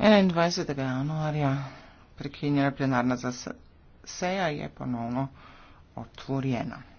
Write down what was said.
enaindvajset januarja prekinjena plenarna seja je ponovno otvorjena.